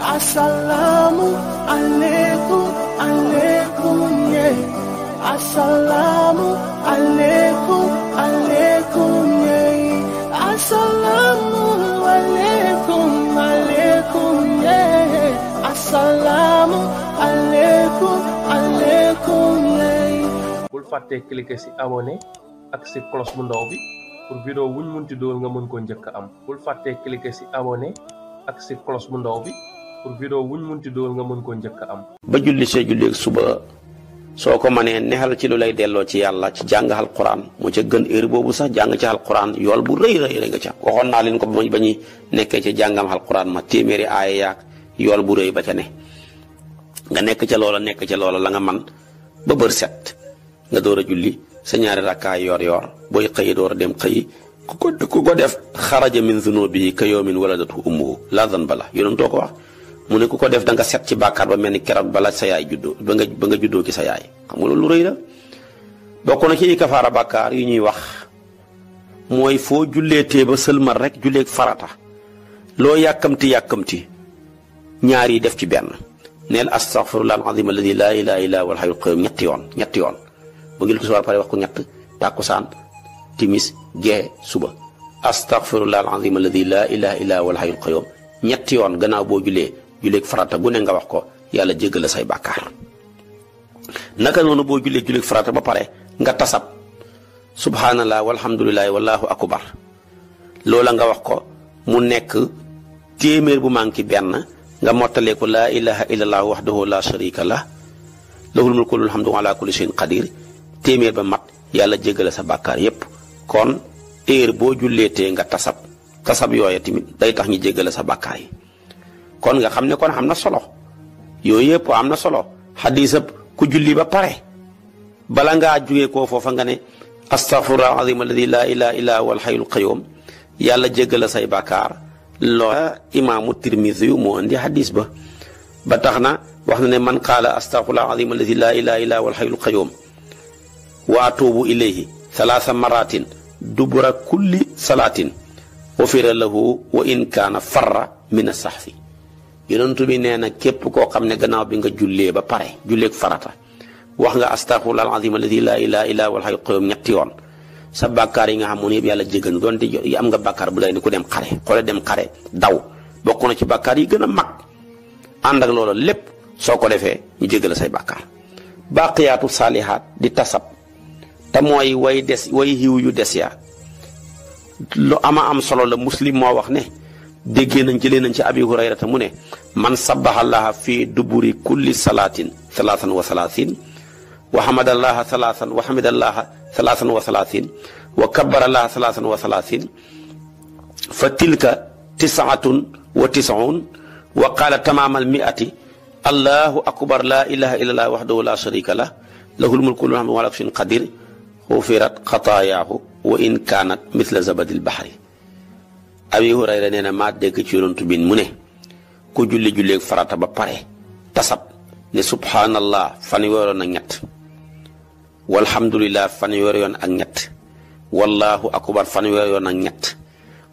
Assalamu alaikum, alaikum, ye. Assalamu alaikum, alaikum, ye. Assalamu alaikum, alaikum, ye. Assalamu alaikum, alaikum, yeah. Bul fàtte cliquer si abonné ak si cloche bu ndaw bi pour vidéo wuñ mën ti door nga mën ko ñëk am bul fàtte cliquer si abonné ak si cloche bu ndaw bi pour vidéo wuñ munti dool nga mën ko njëkk am ba julli julli ak suba soko mané manee ci lu lay ci yalla ci jang alquran mu ci gën heure bobu sax jang ci alquran yool bu reey reey nga ci waxon na leen ko bañi nekk ci jangam alquran ma téméré ay yak yool bu reey ba ca ne nga nekk ci loola nekk ci loola la nga man ba bër set nga doora julli sa ñaari rakka yor yor boy xey door dem xey ku ko ko def kharaja min zunubi ka yawmin waladatu ummu la zanba la to ko wax mu ne ku ko def da nga set ci bakkar ba melni ni keroog bala sa yaay juddo ba nga ba nga juddo ci sa yaay xam nga lu rëy la bokk na ci kafara bakkar yi ñuy wax mooy foo julleetee ba rek farata Lo yakamti yakamti ñaari def ci ben nel astaghfirullah alazim alladhi la ilaha illa huwa alhayyul qayyum ñetti yoon ñetti yoon bu ngeen ko so pare wax ko ñett takusan timis ge suba astaghfirullah alazim alladhi la ilaha illa huwa alhayyul qayyum ñetti yoon gannaaw bo Julek farata guneng nga wax ko yalla jéggal say bàkkaar naka nonu bo juleeg juleeg farata ba pare nga tasab subhanallah walhamdulillah wallahu akbar lola nga wax ko mu nek téeméer bu manki ben nga mottalee ko la ilaha illallah wahdahu la sharika lah lahul mulku wal hamdu ala kulli shay'in qadir téeméer ba mat yalla jéggal sa yépp kon heure boo julleetee nga tasab tasab yoyati tamit day tax ñu jéggal sa kon nga xamne kon amna solo yooyu yëpp am na solo xadisab ku julli ba pare bala nga jugee ko fofa nga ne astaghfirullah alazim alladi la ilaha illa huwa alhayyul qayyum yàlla jéggal say bakar lo imam tirmisi mo moo hadith ba ba taxna waxna ne man qala astaghfirullah azim alladhi la ilaha illa huwa alhayyul qayyum wa atubu ilayhi thalatha maratin dubra kulli salatin ufira له وإن كان فر من min yonentu bi neena na képp koo xam ne gannaaw bi nga jullee ba pare julleeg farata wax nga astaghfirullah alazim alladhi la ilaha illa huwa alhayyul qayyum ñetti yoon sa bakkar yi nga xamone yeb yalla yàlla donte am nga bakkar bu lay ni ku dem xare xoole dem xare daw bokku na ci bakkar yi gëna mag and ak loolu lepp soo ko defee ñu jégal say bakkar baqiyatu salihat di tasab ta mooy way des way xiw yu des ya lu ama am solo la muslim moo wax ne دجي ننجلي ننجي أبي هريرة مني من صبح الله في دبر كل صلاة ثلاثا وثلاثين وحمد الله ثلاثا وحمد الله ثلاثا وثلاثين وكبر الله ثلاثا وثلاثين فتلك تسعة وتسعون وقال تمام المئة الله أكبر لا إله إلا الله وحده لا شريك له له الملك والحمد شيء قدير غفرت خطاياه وإن كانت مثل زبد البحر abi hurayra nee na maa dégg ci yonantu mu ne ku julli julleeg farata ba pare tasab ne subhanallah fanweer ak ñett walhamdulillah fanweer yoon ak ñett wallahu akbar fanweer yoon ñett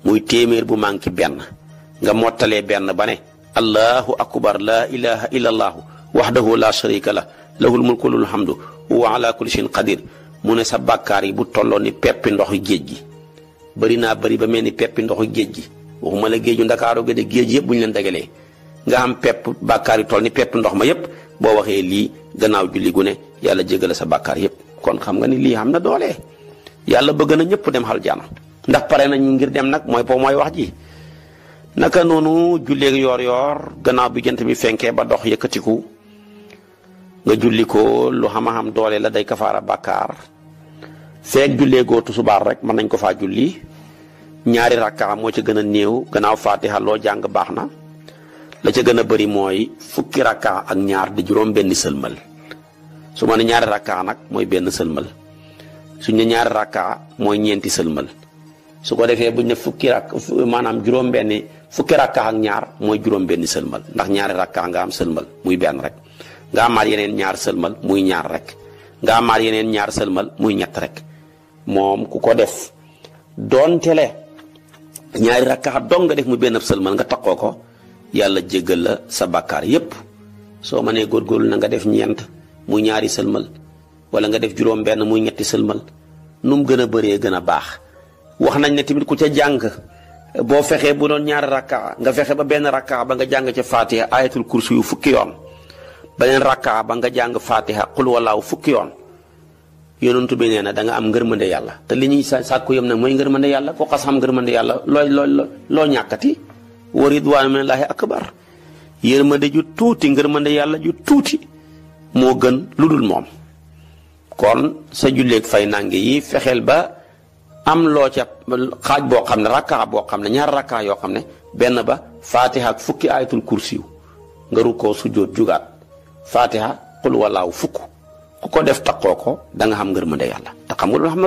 muy téeméer bu manqué benn nga mottalee benn ba ne allahu akbar laa ilaha illa allaahu waxdahu la sharika la lahul mulku lul hamdu wa ala kulli shay'in qadir mu ne sa bàkkaar yi bu tolloo ni peppi ndox géej gi bari naa bëri ba mel ni peppi ndoxu géej gi waxuma la géeju ndakaaru ga de géej yëpp bu ñu leen dagalee nga am pepp bàkkaar yu toll ni pepp ndox ma yëpp boo waxee lii gannaaw julli gu ne yàlla jéggal sa bàkkaar yëpp kon xam nga ni lii am na doole yàlla bëgg na ñëpp dem aljana ndax pare nañu ngir dem nag mooy po mooy wax ji naka noonu julleeg yoor-yoor gannaaw bi jant bi fenkee ba dox yëkkatiku nga julli ko lu xam-xam doole la day kafaara bàkkaar feek go to subar rek man nañ ko fa julli ñaari rakka mo ci gëna neew gëna gannaaw fatiha loo jàng la ci gëna bari moy fukki rakka ak ñaar di juroom benn selmal, su man ñaari rakka nak moy benn selmal su ñu ñaari rakka moy ñenti selmal su ko fukiraka buñ fukki rak manam juroom benn fukki rakka ak ñaar moy juroom benn selmal ndax ñaari rakka nga am selmal muy benn rek nga amal yenen ñaar selmal muy ñaar rek nga amal yenen ñaar selmal muy ñett rek mom kuko def donte le ñaari rakka dong nga def mu ben salman nga takko ko yalla jéggal la sa bàkkaar yépp mané gor gor na nga def ñent mu ñaari salmal wala nga def juróom ben mu ñetti salmal num gëna bëré gëna bax wax nañ ne timit ku ca jang bo fexé bu don ñaar rakka nga fexé ba ben rakka ba nga jang ci fatiha ayatul kursi yu fukki yoon benen rakka ba nga jang fatiha qul wallahu fukki yoon yonentu bi neena da nga am ngeurmande yalla te liñuy ñuy sakku yam nak moy ngeurmande yalla ko xass am yalla loy loy lo ñakati wa ridwanu minallahi akbar yermande ju tuti ngeurmande yalla ju tuti mo gën ludul mom kon sa julleek fay nangi yi fexel ba am lo ca xaj bo xamne rakka bo xamne ñaar rakka yo xamne ben ba fatiha ak fukki ayatul kursi ngaru ko sujud jugat fatiha qul wallahu fukku ku ko def takko ko da nga xam ngërmande yàlla yalla ta xamul lu xam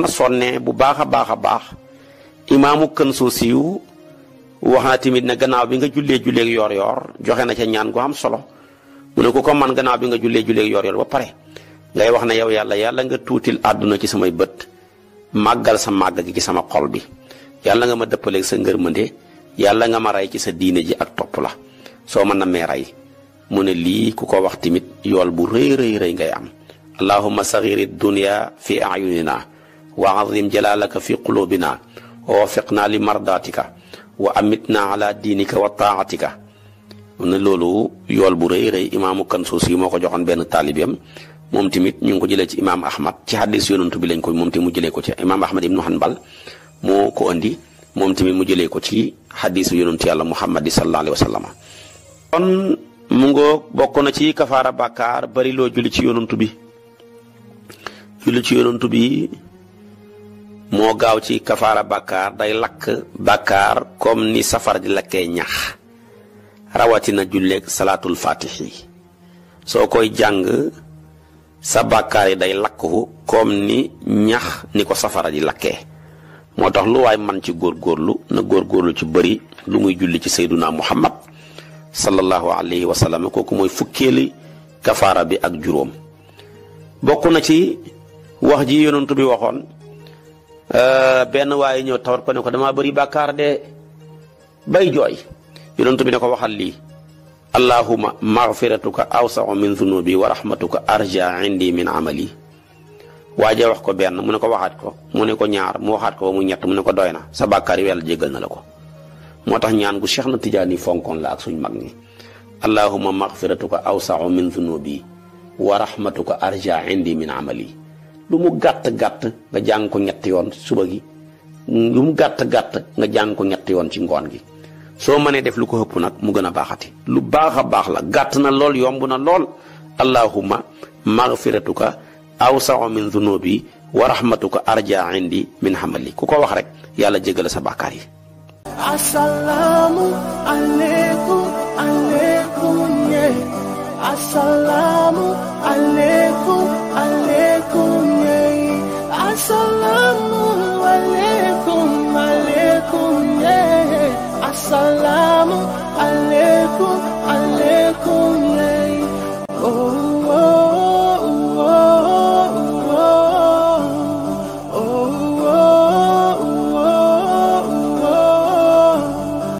na sonne bu baakha baakha baax a kan imaamu kën soo na gannaaw bi nga julle ak yor yor joxe na ca ñaan gu am solo mu ne ku ko man gannaaw bi nga julle ak yor yor ba pare ngay wax na yow yalla yalla nga tutil aduna ci samay beut magal sa mag gi ci sama xol bi yalla nga ma dëppaleeg sa ngërmande yalla nga ma ray ci sa diine ji ak top la so man na me ray mu ne lii ku ko wax tamit yool bu rëy rëy rëy ngay am allahuma saxiri dunya fi ayunina wa azim jalalaka fi qulubina wa wafiqna li mardatika wa amitna ala diinika wa taatika mu ne loolu yool bu rëy rëy imaamu Kansuus yi moo ko joxoon benn taalibeem moom tamit ñu ngi ko jëlee ci imaam ahmad ci xaddis yonantu bi lañ ko moom tamit mu jëlee ko ci imaam ahmad ibnu ko andi moom tamit mu jëlee ko ci xaddisu yonantu yàlla muhammad sallallahu alayhi wa mu ngo bokk na ci kafara bakar bari lo julli ci yonentou bi julli ci yonentou bi mo gaaw ci kafara bakar day lak bakar comme ni safar di lakkee ñax na julle salatul fatihi so koy jang sa bakar day lak ko comme ni ñax ni ko safara di lakke motax lu way man ci gorlu na gorlu ci bari lu muy julli ci sayyiduna muhammad sallallahu alayhi wa sallam kooku mooy fukkeeli kafaara bi ak juróom bokk na ci wax ji yonantu bi waxoon euh, benn waaye ñëw tawar ko ne ko damaa bëri bàkkaar de bay jooy yonantu bi ne ko waxal lii allahuma magfiratuka awsau min zunubi wa rahmatuka arja indi min amali waaja wax ko benn mu ne ko waxaat ko mu ne ko ñaar mu waxaat ko ba mu ñett mu ne ko doy na sa bàkkaar yi yàlla jéggal na la ko motax ñaan gu cheikh na tidiane fonkon la ak suñu mag ni allahumma maghfiratuka awsa'u min dhunubi wa rahmatuka arja indi min amali lu mu gatt gatt nga jang ko ñett yoon suba gi lu mu gatt gatt nga jang ko ñett yoon ci ngon gi so mané def lu ko hepp nak mu gëna baxati lu baxa bax la gatt na lol, yombu na lol allahumma maghfiratuka awsa'u min dhunubi wa rahmatuka arja indi min hamali ku ko wax rek yalla jéggal sa bakkar yi Assalamu alaikum, alaikum, yeah. Assalamu alaikum, alaikum, yeah. Assalamu alaikum, alaikum, yeah. Assalamu alaikum, alaikum.